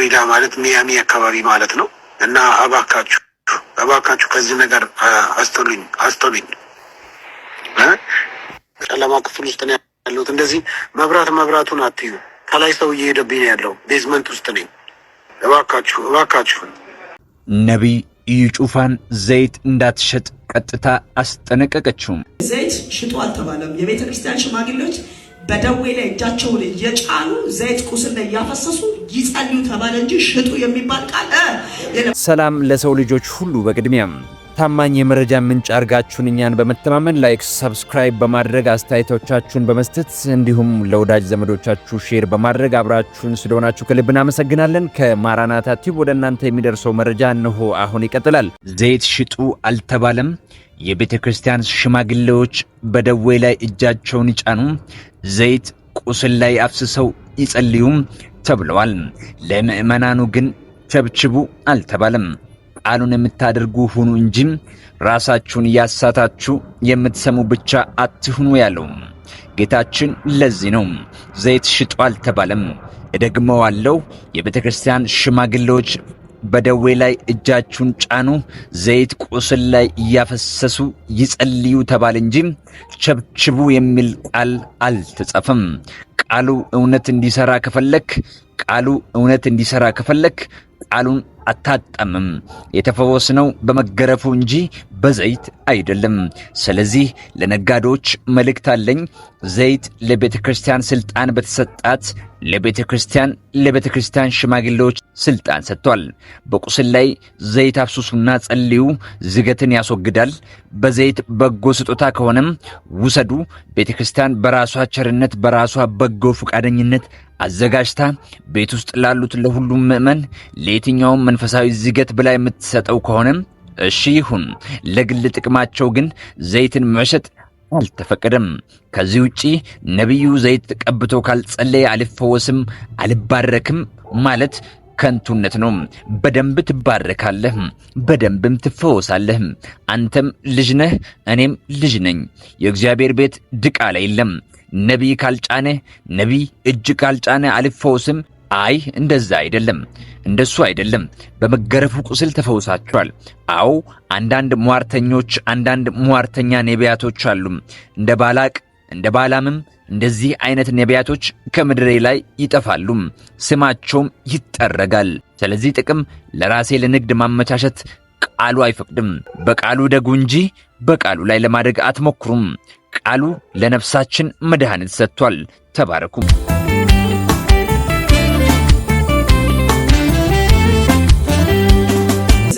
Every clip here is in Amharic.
ፍሎሪዳ ማለት ሚያሚ አካባቢ ማለት ነው። እና እባካችሁ እባካችሁ ከዚህ ነገር አስቶልኝ አስቶልኝ። ጨለማ ክፍል ውስጥ ነው ያለሁት። እንደዚህ መብራት መብራቱን አትዩ። ከላይ ሰው እየሄደብኝ ነው ያለው። ቤዝመንት ውስጥ ነኝ። እባካችሁ እባካችሁ። ነቢይ እዩ ጩፋን ዘይት እንዳትሸጥ ቀጥታ አስጠነቀቀችውም። ዘይት ሽጡ አልተባለም። የቤተ ክርስቲያን ሽማግሌዎች በደዌ ላይ እጃቸውን እየጫኑ ዘይት ቁስል ላይ እያፈሰሱ ይጸልዩ ተባለ እንጂ ሽጡ የሚባል ቃል ሰላም ለሰው ልጆች ሁሉ። በቅድሚያም ታማኝ የመረጃ ምንጭ አድርጋችሁን እኛን በመተማመን ላይክ፣ ሰብስክራይብ በማድረግ አስተያየቶቻችሁን በመስጠት እንዲሁም ለወዳጅ ዘመዶቻችሁ ሼር በማድረግ አብራችሁን ስለሆናችሁ ከልብ እናመሰግናለን። ከማራናታ ቲዩብ ወደ እናንተ የሚደርሰው መረጃ እንሆ አሁን ይቀጥላል። ዘይት ሽጡ አልተባለም። የቤተ ክርስቲያን ሽማግሌዎች በደዌ ላይ እጃቸውን ይጫኑ፣ ዘይት ቁስል ላይ አፍስሰው ይጸልዩም ተብለዋል። ለምዕመናኑ ግን ቸብችቡ አልተባለም። ቃሉን የምታደርጉ ሁኑ እንጂ ራሳችሁን እያሳታችሁ የምትሰሙ ብቻ አትሁኑ ያለው ጌታችን። ለዚህ ነው ዘይት ሽጡ አልተባለም። እደግመዋለሁ፣ የቤተ ክርስቲያን ሽማግሌዎች በደዌ ላይ እጃችሁን ጫኑ፣ ዘይት ቁስል ላይ እያፈሰሱ ይጸልዩ ተባለ እንጂ ቸብችቡ የሚል ቃል አልተጻፈም። ቃሉ እውነት እንዲሰራ ከፈለክ ቃሉ እውነት እንዲሰራ ከፈለክ ቃሉን አታጣምም። የተፈወስነው በመገረፉ እንጂ በዘይት አይደለም። ስለዚህ ለነጋዴዎች መልእክት አለኝ። ዘይት ለቤተ ክርስቲያን ስልጣን በተሰጣት ለቤተ ክርስቲያን ለቤተ ክርስቲያን ሽማግሌዎች ስልጣን ሰጥቷል። በቁስል ላይ ዘይት አፍሱሱና ጸልዩ፣ ዝገትን ያስወግዳል። በዘይት በጎ ስጦታ ከሆነም ውሰዱ። ቤተ ክርስቲያን በራሷ ቸርነት በራሷ በጎ ፈቃደኝነት አዘጋጅታ ቤት ውስጥ ላሉት ለሁሉም ምዕመን ለየትኛውም መንፈሳዊ ዝገት ብላ የምትሰጠው ከሆነም እሺ ይሁን። ለግል ጥቅማቸው ግን ዘይትን መሸጥ አልተፈቀደም። ከዚህ ውጪ ነቢዩ ዘይት ቀብቶ ካልጸለየ አልፈወስም፣ አልባረክም ማለት ከንቱነት ነው። በደንብ ትባረካለህ፣ በደንብም ትፈወሳለህ። አንተም ልጅ ነህ፣ እኔም ልጅ ነኝ። የእግዚአብሔር ቤት ድቃላ የለም። ነቢይ ካልጫነ ነቢይ እጅ ካልጫነ አልፈወስም። አይ እንደዛ አይደለም፣ እንደሱ አይደለም። በመገረፉ ቁስል ተፈውሳችኋል። አዎ አንዳንድ ሟርተኞች፣ አንዳንድ ሟርተኛ ነቢያቶች አሉ እንደ ባላቅ እንደ ባላምም እንደዚህ አይነት ነቢያቶች ከምድሬ ላይ ይጠፋሉ፣ ስማቸውም ይጠረጋል። ስለዚህ ጥቅም ለራሴ ለንግድ ማመቻቸት ቃሉ አይፈቅድም። በቃሉ ደጉ እንጂ በቃሉ ላይ ለማደግ አትሞክሩም። ቃሉ ለነፍሳችን መድኃኒት ሰጥቷል። ተባረኩ።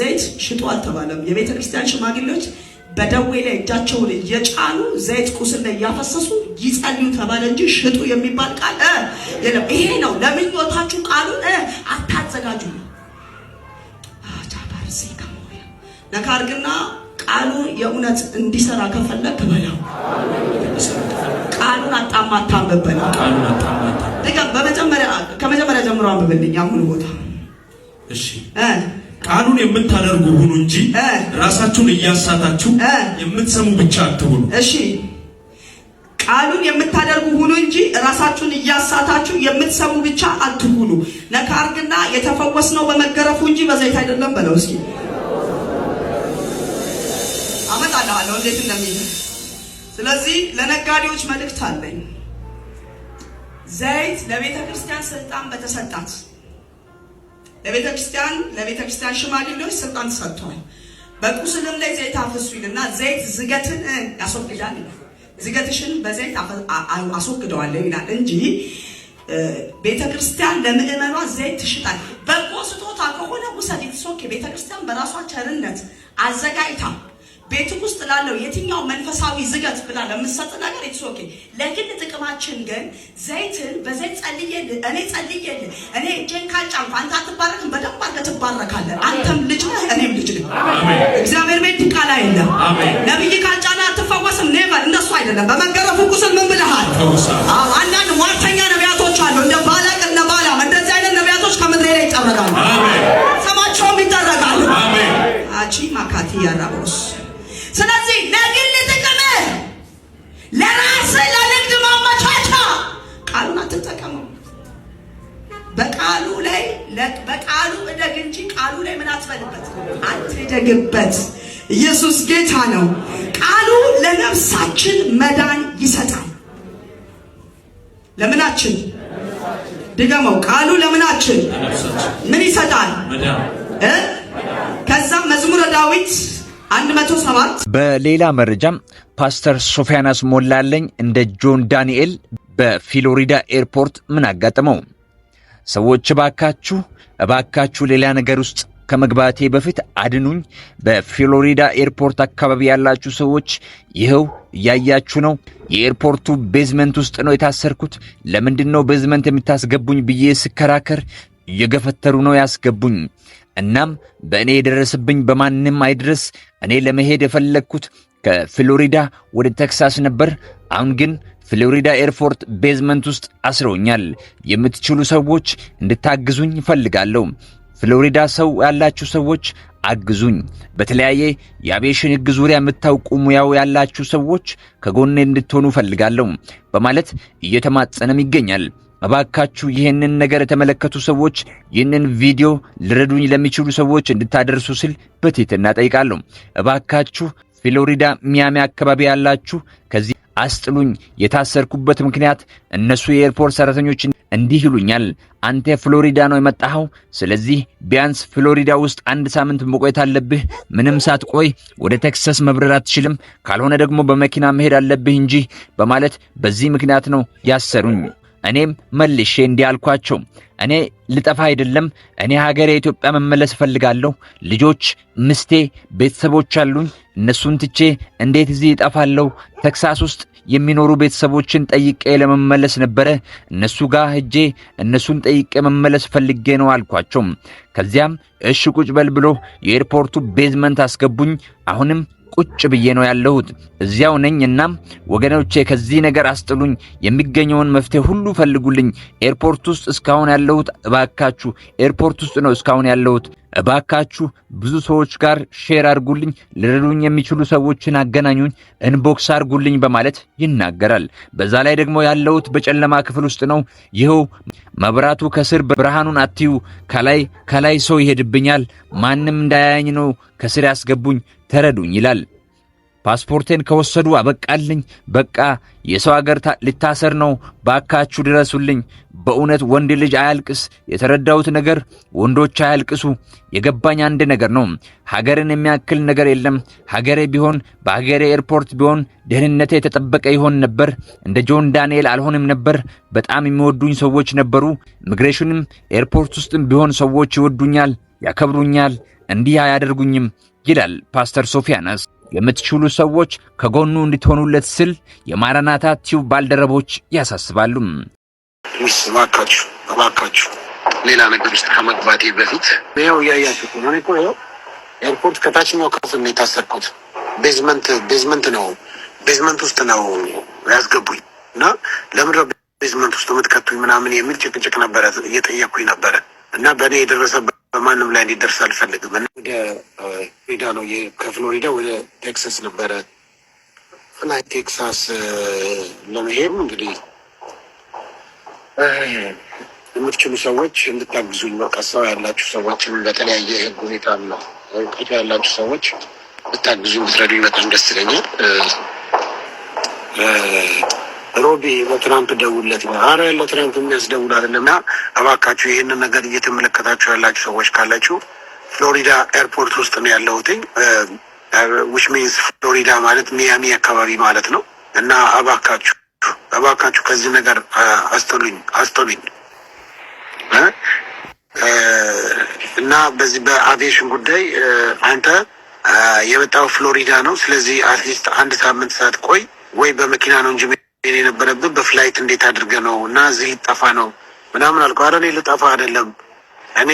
ዘይት ሽጡ አልተባለም። የቤተ ክርስቲያን ሽማግሌዎች በደዌ ላይ እጃቸውን እየጫኑ ዘይት ቁስል ላይ እያፈሰሱ ይጸልዩ ተባለ እንጂ ሽጡ የሚባል ቃል የለም። ይሄ ነው ለምኞታችሁ ቃሉን አታዘጋጁ። ነካ ቃሉ የእውነት እንዲሰራ ከፈለግ በለው። ቃሉን አጣማ አታንብበና ከመጀመሪያ ጀምሮ አንብብልኝ። አሁን ቦታ እሺ እ ቃሉን የምታደርጉ ሁኑ እንጂ ራሳችሁን እያሳታችሁ የምትሰሙ ብቻ አትሁኑ። እሺ ቃሉን የምታደርጉ ሁኑ እንጂ ራሳችሁን እያሳታችሁ የምትሰሙ ብቻ አትሁኑ። ነካ የተፈወስነው በመገረፉ እንጂ በዘይት አይደለም በለው እስኪ አመጣለሁ እንዴት እንደሚል። ስለዚህ ለነጋዴዎች መልእክት አለኝ። ዘይት ለቤተ ክርስቲያን ስልጣን በተሰጣት ለቤተ ክርስቲያን ለቤተ ክርስቲያን ሽማግሌዎች ስልጣን ሰጥተዋል። በቁስልም ላይ ዘይት አፍሱ ይልና ዘይት ዝገትን ያስወግዳል ይላል። ዝገትሽን በዘይት አስወግደዋለሁ ይላል እንጂ ቤተ ክርስቲያን ለምዕመኗ ዘይት ትሽጣል። በጎ ስጦታ ከሆነ ውሰድ ይትሶክ ቤተ ክርስቲያን በራሷ ቸርነት አዘጋጅታ ቤትህ ውስጥ ላለው የትኛው መንፈሳዊ ዝገት ብላ ለምሰጥ ነገር ኢትስ ኦኬ። ለግል ጥቅማችን ግን ዘይትን በዘይት ጸልዬልህ እኔ ጸልዬልህ እኔ እጄን ካልጫንኩ አንተ አትባረክም። በደንብ አድርገህ ትባረካለህ። አንተም ልጅ ነህ፣ እኔም ልጅ ነህ። እግዚአብሔር ቤት ቃል የለም። ነብይ ካልጫነ አትፈወስም። ኔቨር እንደሱ አይደለም። በመገረፉ ቁስል ምን ብለሃል? አንዳንድ ሟርተኛ ነቢያቶች አሉ፣ እንደ ባላቅ እነ ባላም። እንደዚህ አይነት ነቢያቶች ከምድሬ ላይ ይጠረጋሉ፣ ስማቸውም ይጠረጋሉ። አቺ ማካቲ ያራቦስ ስለዚህ ለግል ጥቅምህ ለራስህ ለንግድ ማመቻቻ ቃሉን አትጠቀመው። በቃሉ ላይ በቃሉ እደግ እንጂ ቃሉ ላይ ምን አትበልበት፣ አትደግበት። ኢየሱስ ጌታ ነው። ቃሉ ለነፍሳችን መዳን ይሰጣል። ለምናችን ድገመው። ቃሉ ለምናችን ምን ይሰጣል? ከዛም መዝሙረ ዳዊት 107 በሌላ መረጃም ፓስተር ሶፊያናስ ሞላለኝ እንደ ጆን ዳንኤል በፊሎሪዳ ኤርፖርት ምን አጋጠመው? ሰዎች እባካችሁ እባካችሁ ሌላ ነገር ውስጥ ከመግባቴ በፊት አድኑኝ። በፍሎሪዳ ኤርፖርት አካባቢ ያላችሁ ሰዎች ይኸው እያያችሁ ነው። የኤርፖርቱ ቤዝመንት ውስጥ ነው የታሰርኩት። ለምንድን ነው ቤዝመንት የምታስገቡኝ ብዬ ስከራከር እየገፈተሩ ነው ያስገቡኝ። እናም በእኔ የደረሰብኝ በማንም አይድረስ። እኔ ለመሄድ የፈለግኩት ከፍሎሪዳ ወደ ተክሳስ ነበር። አሁን ግን ፍሎሪዳ ኤርፎርት ቤዝመንት ውስጥ አስረውኛል። የምትችሉ ሰዎች እንድታግዙኝ እፈልጋለሁ። ፍሎሪዳ ሰው ያላችሁ ሰዎች አግዙኝ። በተለያየ የአቪዬሽን ሕግ ዙሪያ የምታውቁ ሙያው ያላችሁ ሰዎች ከጎኔ እንድትሆኑ እፈልጋለሁ በማለት እየተማጸነም ይገኛል። እባካችሁ ይህንን ነገር የተመለከቱ ሰዎች ይህንን ቪዲዮ ልረዱኝ ለሚችሉ ሰዎች እንድታደርሱ ስል በትህትና ጠይቃለሁ። እባካችሁ ፍሎሪዳ ሚያሚ አካባቢ ያላችሁ ከዚህ አስጥሉኝ። የታሰርኩበት ምክንያት እነሱ የኤርፖርት ሰራተኞች እንዲህ ይሉኛል፣ አንተ ፍሎሪዳ ነው የመጣኸው፣ ስለዚህ ቢያንስ ፍሎሪዳ ውስጥ አንድ ሳምንት መቆየት አለብህ። ምንም ሳትቆይ ወደ ቴክሳስ መብረር አትችልም፣ ካልሆነ ደግሞ በመኪና መሄድ አለብህ እንጂ በማለት በዚህ ምክንያት ነው ያሰሩኝ። እኔም መልሼ እንዲያልኳቸው እኔ ልጠፋ አይደለም። እኔ ሀገር የኢትዮጵያ መመለስ እፈልጋለሁ። ልጆች፣ ምስቴ፣ ቤተሰቦች አሉኝ። እነሱን ትቼ እንዴት እዚህ እጠፋለሁ? ተክሳስ ውስጥ የሚኖሩ ቤተሰቦችን ጠይቄ ለመመለስ ነበረ። እነሱ ጋር ሄጄ እነሱን ጠይቄ መመለስ ፈልጌ ነው አልኳቸው። ከዚያም እሽ ቁጭ በል ብሎ የኤርፖርቱ ቤዝመንት አስገቡኝ። አሁንም ቁጭ ብዬ ነው ያለሁት፣ እዚያው ነኝ። እናም ወገኖቼ ከዚህ ነገር አስጥሉኝ፣ የሚገኘውን መፍትሄ ሁሉ ፈልጉልኝ። ኤርፖርት ውስጥ እስካሁን ያለሁት እባካችሁ፣ ኤርፖርት ውስጥ ነው እስካሁን ያለሁት እባካችሁ ብዙ ሰዎች ጋር ሼር አድርጉልኝ፣ ልረዱኝ የሚችሉ ሰዎችን አገናኙኝ፣ ኢንቦክስ አድርጉልኝ በማለት ይናገራል። በዛ ላይ ደግሞ ያለሁት በጨለማ ክፍል ውስጥ ነው። ይኸው መብራቱ ከስር ብርሃኑን አትዩ፣ ከላይ ከላይ ሰው ይሄድብኛል፣ ማንም እንዳያየኝ ነው ከስር ያስገቡኝ ተረዱኝ ይላል። ፓስፖርቴን ከወሰዱ አበቃልኝ። በቃ የሰው አገር ልታሰር ነው፣ ባካችሁ ድረሱልኝ። በእውነት ወንድ ልጅ አያልቅስ። የተረዳሁት ነገር ወንዶች አያልቅሱ። የገባኝ አንድ ነገር ነው፣ ሀገርን የሚያክል ነገር የለም። ሀገሬ ቢሆን በሀገሬ ኤርፖርት ቢሆን ደህንነቴ የተጠበቀ ይሆን ነበር። እንደ ጆን ዳንኤል አልሆንም ነበር። በጣም የሚወዱኝ ሰዎች ነበሩ። ኢሚግሬሽንም ኤርፖርት ውስጥም ቢሆን ሰዎች ይወዱኛል፣ ያከብሩኛል፣ እንዲህ አያደርጉኝም። ይላል ፓስተር ሶፊያናስ። የምትችሉ ሰዎች ከጎኑ እንድትሆኑለት ስል የማራናታ ቲዩብ ባልደረቦች ያሳስባሉ። እባካችሁ እባካችሁ ሌላ ነገር ውስጥ ከመግባቴ በፊት ያው እያያችሁት ነው። ኤርፖርት ከታችኛው ክፍል ነው የታሰርኩት። ቤዝመንት ቤዝመንት ነው ቤዝመንት ውስጥ ነው ያስገቡኝ እና ለምድረ ቤዝመንት ውስጥ የምትከቱኝ ምናምን የሚል ጭቅጭቅ ነበረ፣ እየጠየኩኝ ነበረ እና በእኔ የደረሰ በማንም ላይ እንዲደርስ አልፈልግም። ወደ ፍሎሪዳ ነው። ከፍሎሪዳ ወደ ቴክሳስ ነበረ እና ቴክሳስ ለመሄድ እንግዲህ የምትችሉ ሰዎች እንድታግዙኝ በቃ ሰው ያላችሁ ሰዎችም በተለያየ ህግ ሁኔታ ነው እውቀቱ ያላችሁ ሰዎች ብታግዙኝ ብትረዱኝ በጣም ደስ ይለኛል። ሮቢ በትራምፕ ደውለት አረ ለትራምፕ የሚያስደውል አይደለም እና እባካችሁ ይህንን ነገር እየተመለከታችሁ ያላችሁ ሰዎች ካላችሁ ፍሎሪዳ ኤርፖርት ውስጥ ነው ያለሁትኝ ዊች ሚንስ ፍሎሪዳ ማለት ሚያሚ አካባቢ ማለት ነው። እና እባካችሁ እባካችሁ ከዚህ ነገር አስጠሉኝ አስጠሉኝ እና በዚህ በአቪዬሽን ጉዳይ አንተ የመጣው ፍሎሪዳ ነው። ስለዚህ አትሊስት አንድ ሳምንት ሰዓት ቆይ ወይ በመኪና ነው እንጂ ሜን የነበረብን በፍላይት እንዴት አድርገ ነው እና እዚህ ልጠፋ ነው ምናምን አልከው። ኧረ እኔ ልጠፋ አይደለም እኔ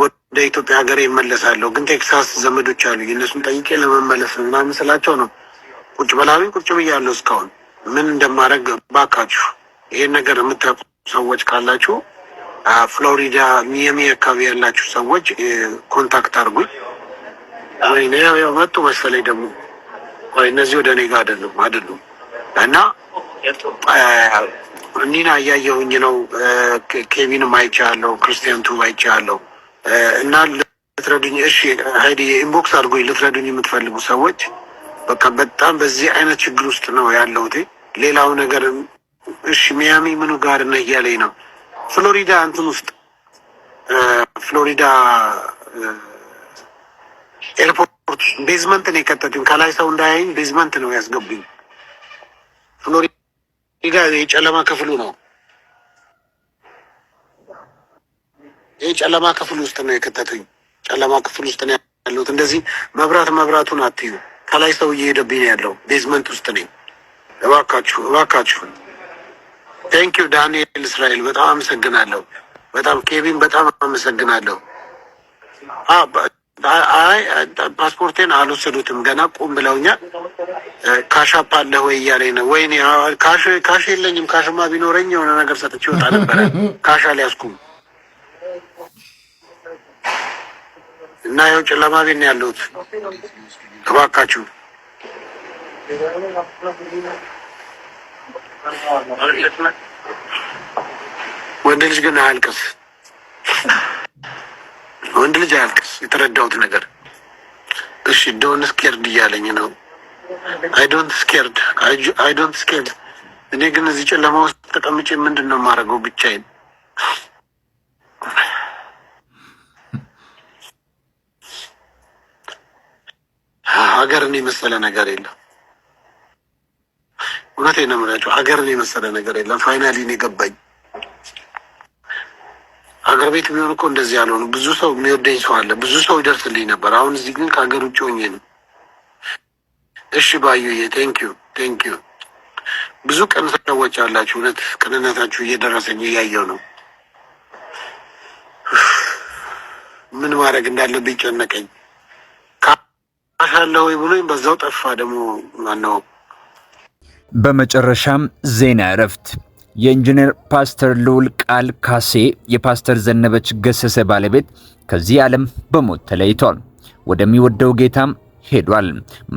ወደ ኢትዮጵያ ሀገር ይመለሳለሁ፣ ግን ቴክሳስ ዘመዶች አሉ የእነሱን ጠይቄ ለመመለስ ምናምን ስላቸው ነው ቁጭ በላሉኝ። ቁጭ ብያለሁ። እስካሁን ምን እንደማድረግ ባካችሁ፣ ይሄን ነገር የምታውቁ ሰዎች ካላችሁ ፍሎሪዳ ሚየሚ አካባቢ ያላችሁ ሰዎች ኮንታክት አድርጉኝ። ወይ ያው ያው መጡ መሰለኝ ደግሞ ወይ እነዚህ ወደ እኔ ጋር አይደሉም አይደሉም እና እኒና እያየሁኝ ነው። ኬቪንም አይቻለሁ፣ ክርስቲያን ቱ አይቻለሁ። እና ልትረዱኝ እሺ፣ ሀይዲ ኢንቦክስ አድርጎኝ ልትረዱኝ የምትፈልጉ ሰዎች በቃ በጣም በዚህ አይነት ችግር ውስጥ ነው ያለሁት። ሌላው ነገር እሺ፣ ሚያሚ ምኑ ጋር ነህ እያለኝ ነው። ፍሎሪዳ እንትን ውስጥ ፍሎሪዳ ኤርፖርት ቤዝመንት ነው የከተቱኝ። ከላይ ሰው እንዳያይኝ ቤዝመንት ነው ያስገቡኝ ፍሎሪዳ የጨለማ ክፍሉ ነው። ይህ ጨለማ ክፍል ውስጥ ነው የከተቱኝ። ጨለማ ክፍል ውስጥ ነው ያለሁት። እንደዚህ መብራት መብራቱን አትዩ። ከላይ ሰው እየሄደብኝ ነው ያለው። ቤዝመንት ውስጥ ነኝ። እባካችሁ እባካችሁ። ቴንኪዩ ዳንኤል እስራኤል፣ በጣም አመሰግናለሁ። በጣም ኬቪን፣ በጣም አመሰግናለሁ። አይ ፓስፖርቴን አልወሰዱትም። ገና ቁም ብለውኛል። ካሻፕ አለ ወይ እያለኝ ነው። ወይኔ ካሽ ካሽ የለኝም። ካሽማ ቢኖረኝ የሆነ ነገር ሰጥቼ ይወጣ ነበረ። ካሽ አልያዝኩም እና ይኸው ጨለማ ቤት ነው ያለሁት። እባካችሁ ወንድ ልጅ ግን አያልቅስ ወንድ ልጅ አያልቅስ። የተረዳሁት ነገር እሺ፣ ዶንት ስኬርድ እያለኝ ነው። አይ ዶንት ስኬርድ፣ አይ ዶንት ስኬርድ። እኔ ግን እዚህ ጨለማ ውስጥ ተቀምጬ ምንድን ነው የማደርገው ብቻዬን? ሀገርን የመሰለ ነገር የለም። እውነቴን ነው የምላቸው፣ ሀገርን የመሰለ ነገር የለም። ፋይናሊን የገባኝ። ከሀገር ቤት ቢሆን እኮ እንደዚህ ያልሆኑ ብዙ ሰው የሚወደኝ ሰው አለ፣ ብዙ ሰው ይደርስልኝ ነበር። አሁን እዚህ ግን ከሀገር ውጭ ሆኜ ነው። እሺ ባዩዬ፣ ቴንክ ዩ። ብዙ ቀን ሰዎች አላችሁ፣ እውነት ቅንነታችሁ እየደረሰኝ እያየው ነው። ምን ማድረግ እንዳለብኝ ጨነቀኝ። ካሻለ ወይ ብሎኝ በዛው ጠፋ። ደግሞ ማነው በመጨረሻም ዜና እረፍት የኢንጂነር ፓስተር ልዑል ቃል ካሴ የፓስተር ዘነበች ገሰሰ ባለቤት ከዚህ ዓለም በሞት ተለይቷል። ወደሚወደው ጌታም ሄዷል።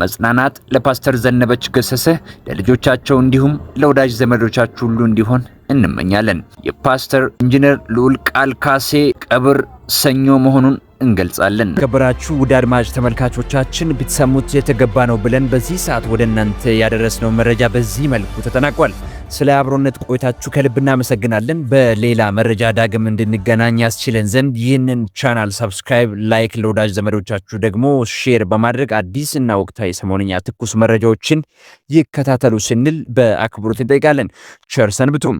መጽናናት ለፓስተር ዘነበች ገሰሰ፣ ለልጆቻቸው እንዲሁም ለወዳጅ ዘመዶቻችሁ ሁሉ እንዲሆን እንመኛለን። የፓስተር ኢንጂነር ልዑል ቃል ካሴ ቀብር ሰኞ መሆኑን እንገልጻለን። ከበራችሁ ውድ አድማጭ ተመልካቾቻችን ብትሰሙት የተገባ ነው ብለን በዚህ ሰዓት ወደ እናንተ ያደረስነው መረጃ በዚህ መልኩ ተጠናቋል። ስለ አብሮነት ቆይታችሁ ከልብ እናመሰግናለን። በሌላ መረጃ ዳግም እንድንገናኝ ያስችለን ዘንድ ይህንን ቻናል ሰብስክራይብ፣ ላይክ፣ ለወዳጅ ዘመዶቻችሁ ደግሞ ሼር በማድረግ አዲስ እና ወቅታዊ ሰሞነኛ ትኩስ መረጃዎችን ይከታተሉ ስንል በአክብሮት እንጠይቃለን። ቸር ሰንብቱም።